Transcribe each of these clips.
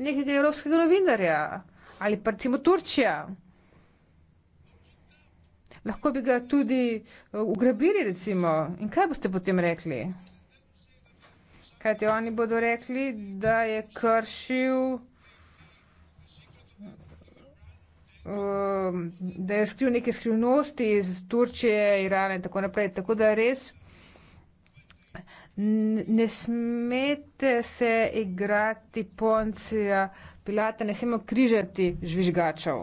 nekega evropskega novinarja ali pa recimo Turčija. Lahko bi ga tudi eh, ugrabili recimo. In kaj boste potem rekli? Kajte, oni bodo rekli, da je kršil, eh, da je skril neke skrivnosti iz Turčije, Irane in tako naprej. Tako da res ne smete se igrati poncija Pilata, ne smemo križati žvižgačev.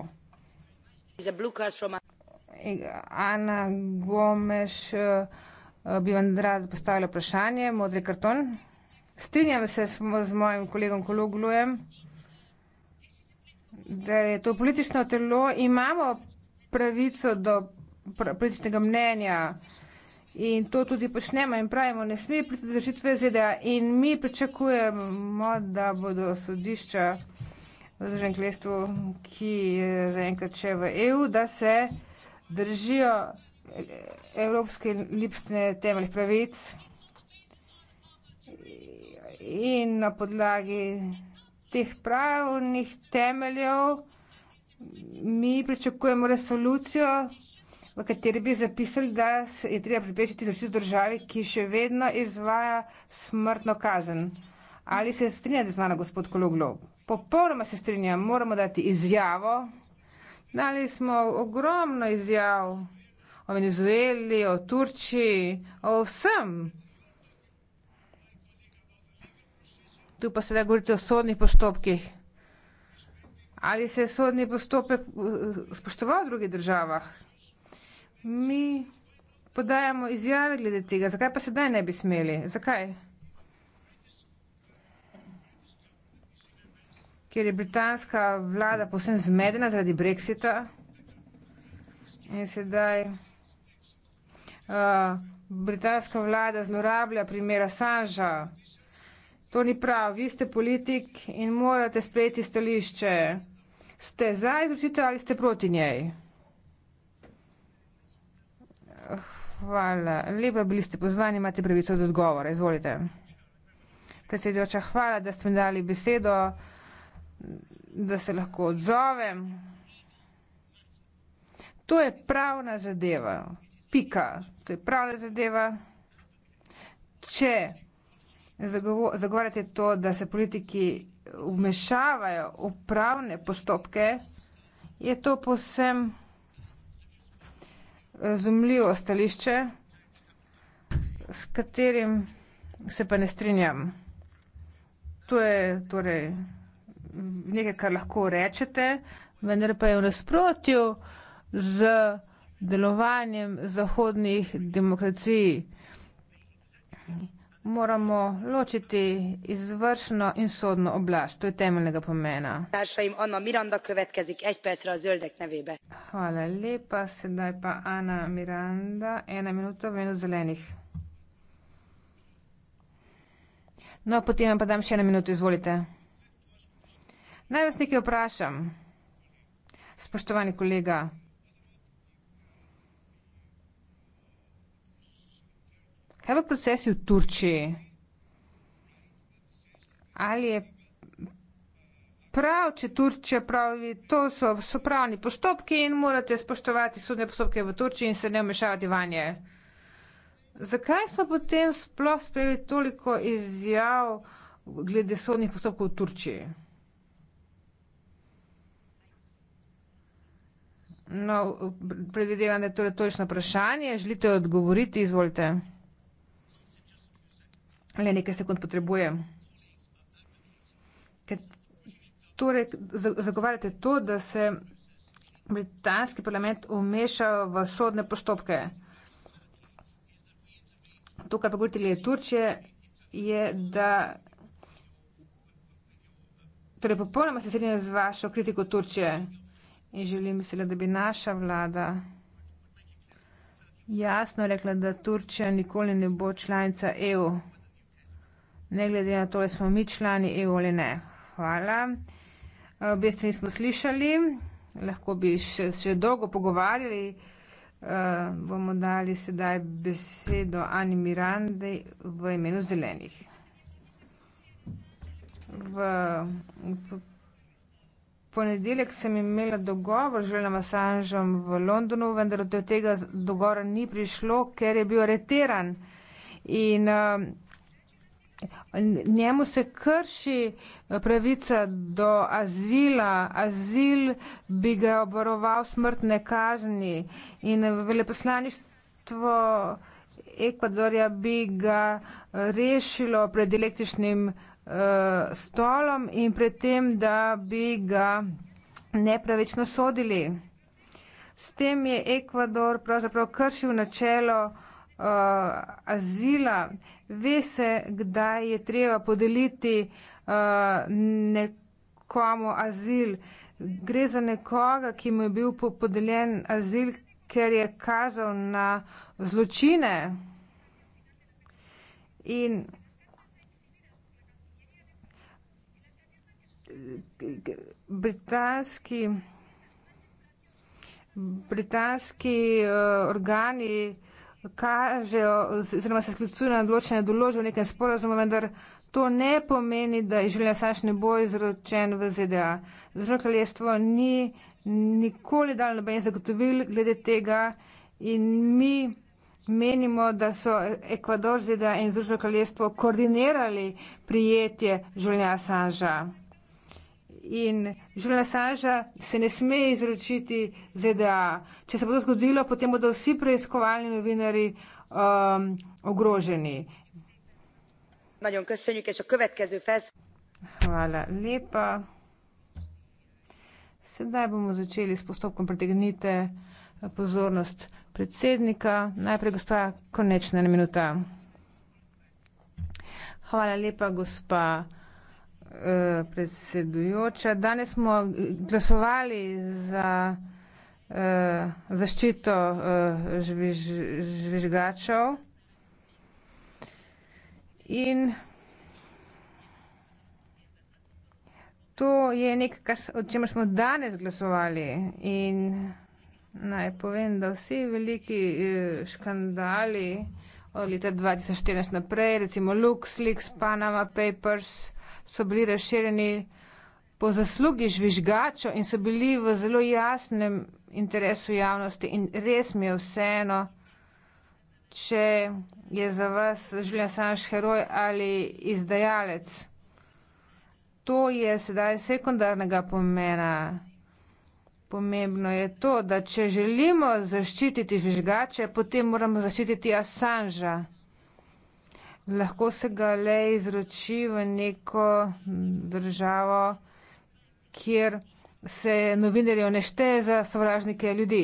Ana Gomeš eh, eh, bi vam rad postavila vprašanje, modri karton. Strinjam se s, z mojim kolegom Kologlujem, da je to politično telo, imamo pravico do pra, političnega mnenja. Uh, in to tudi počnemo in pravimo, ne sme priti do zrešitve ZDA in mi pričakujemo, da bodo sodišča v zdržen kljestvu, ki je zaenkrat še v EU, da se držijo evropske lipstne temelj pravic in na podlagi teh pravnih temeljev mi pričakujemo resolucijo, v kateri bi zapisali, da je treba pripričati zaščito države, ki še vedno izvaja smrtno kazen. Ali se strinjate z mano, gospod Kologlo? Popolnoma se strinjam, moramo dati izjavo. Dali smo ogromno izjav o Venezueli, o Turčiji, o vsem. Tu pa sedaj govorite o sodnih postopkih. Ali se je sodni postopek eh, spoštoval v drugih državah? Mi podajamo izjave glede tega. Zakaj pa sedaj ne bi smeli? Zakaj? Ker je britanska vlada povsem zmedena zaradi Brexita in sedaj uh, britanska vlada zlorablja primera Sanža. To ni prav. Vi ste politik in morate sprejeti stališče. Ste za izročitev ali ste proti njej? Hvala. Lepo bili ste pozvani, imate pravico od odgovora. Izvolite. Predsedujoča, hvala, da ste mi dali besedo, da se lahko odzovem. To je pravna zadeva. Pika. To je pravna zadeva. Če zagovarjate to, da se politiki vmešavajo v pravne postopke, je to posebno razumljivo stališče, s katerim se pa ne strinjam. To je torej nekaj, kar lahko rečete, vendar pa je v nasprotju z delovanjem zahodnih demokracij moramo ločiti izvršno in sodno oblast. To je temeljnega pomena. Hvala lepa, sedaj pa Ana Miranda, ena minuta v imenu zelenih. No, potem vam pa dam še eno minuto, izvolite. Naj vas nekaj vprašam, spoštovani kolega. Kaj pa procesi v Turčiji? Ali je prav, če Turčija pravi, to so, so pravni postopki in morate spoštovati sodne postopke v Turčiji in se ne vmešavati vanje? Zakaj smo potem sploh sprejeli toliko izjav glede sodnih postopkov v Turčiji? No, predvidevam, da je to retorično vprašanje. Želite odgovoriti? Izvolite le nekaj sekund potrebujem. Ker torej zagovarjate to, da se britanski parlament umeša v sodne postopke. To, kar pa govorite glede Turčije, je, da torej popolnoma se strinjam z vašo kritiko Turčije in želim se, da bi naša vlada jasno rekla, da Turčija nikoli ne bo članica EU ne glede na to, da smo mi člani EU ali ne. Hvala. V eh, bistvu nismo slišali, lahko bi še, še dolgo pogovarjali. Uh, bomo dali sedaj besedo Ani Mirandi v imenu zelenih. V, v ponedeljek sem imela dogovor z Željem Assangeom v Londonu, vendar do tega dogovora ni prišlo, ker je bil areteran. In, uh, njemu se krši eh, pravica do azila, azil bi ga obvaroval smrtne kazni in veleposlaništvo Ekvadorja bi ga eh, rešilo pred električnim uh, stolom in pred tem, da bi ga nepravično sodili. S tem je Ekvador pravzaprav kršil načelo uh, azila, ve se, kdaj je treba podeliti uh, nekomu azil. Gre za nekoga, ki mu je bil podeljen azil, ker je kazal na zločine. In britanski, britanski uh, organi kažejo oziroma se sklicujejo na odločene določbe v nekem sporazumu, vendar to ne pomeni, da je življenj sašni boj izročen v ZDA. Združeno kraljestvo ni nikoli dal nobenih zagotovil glede tega in mi menimo, da so Ekvador, ZDA in Združeno kraljestvo koordinirali prijetje življenja Sanža in Julian Assange se ne sme izročiti ZDA. Če se bo to zgodilo, potem bodo vsi preiskovalni novinari um, ogroženi. Hvala lepa. Sedaj bomo začeli s postopkom pritegnite eh, pozornost predsednika. Najprej gospa Konečna minuta. Hvala lepa, gospa. Eh, predsedujoča. Danes smo glasovali za eh, zaščito eh, žvež, žvežgačev in to je nekaj, o čemer smo danes glasovali in naj povem, da vsi veliki škandali od leta 2014 naprej, recimo LuxLeaks, Panama Papers, so bili razširjeni po zaslugi žvižgačo in so bili v zelo jasnem interesu javnosti in res mi je vseeno, če je za vas Žilja Sanš heroj ali izdajalec. To je sedaj sekundarnega pomena. Pomembno je to, da če želimo zaščititi žvižgače, potem moramo zaščititi Assanža. Lahko se ga le izroči v neko državo, kjer se novinarjev ne šteje za sovražnike ljudi.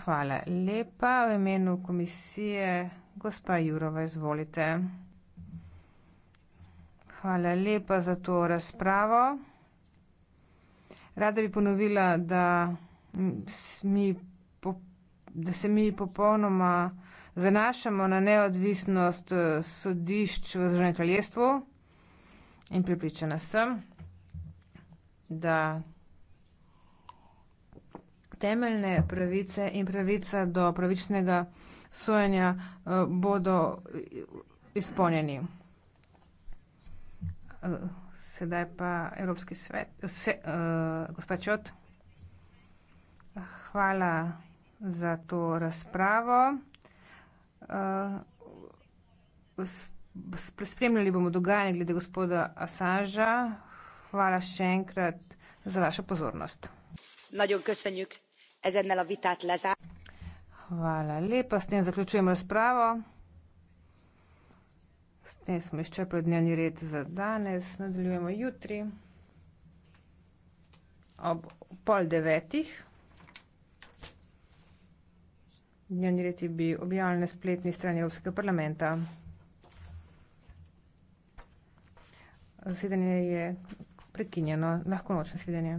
Hvala lepa. V imenu komisije gospa Jurova, izvolite. Hvala lepa za to razpravo. Rada bi ponovila, da, mi po, da se mi popolnoma zanašamo na neodvisnost eh, sodišč v Združenem kraljestvu in pripričana sem, da temeljne pravice in pravica do pravičnega sojenja eh, bodo eh, izpolnjeni. Eh, sedaj pa Evropski svet. Se, uh, eh, gospod Čot, hvala za to razpravo. Uh, spremljali bomo dogajanje glede gospoda Asanža. Hvala še enkrat za vašo pozornost. Hvala lepa, s tem zaključujem razpravo. S tem smo izčrpali dnevni red za danes, nadaljujemo jutri ob pol devetih. Dnevni red je bil objavljen na spletni strani Evropskega parlamenta. Zasedanje je prekinjeno, lahko noč, nasvidenje.